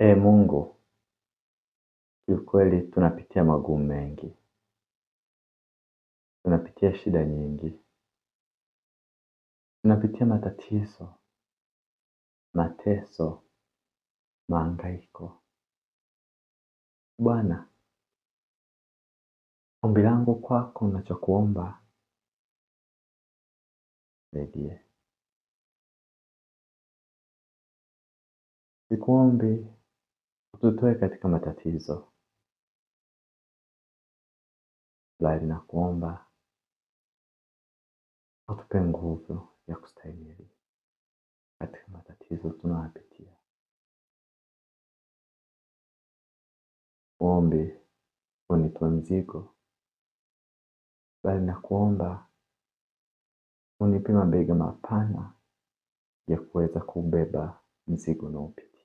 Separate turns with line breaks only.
e Mungu, kiukweli tunapitia magumu mengi, tunapitia shida nyingi, tunapitia matatizo, mateso, maangaiko. Bwana, ombi langu kwako nachokuomba, saidie. Sikuombi Ututoe katika matatizo, bali na kuomba utupe nguvu ya kustahimili katika matatizo tunayopitia. Ombi unipe mzigo, bali na kuomba unipe mabega mapana ya kuweza kubeba mzigo unaopitia.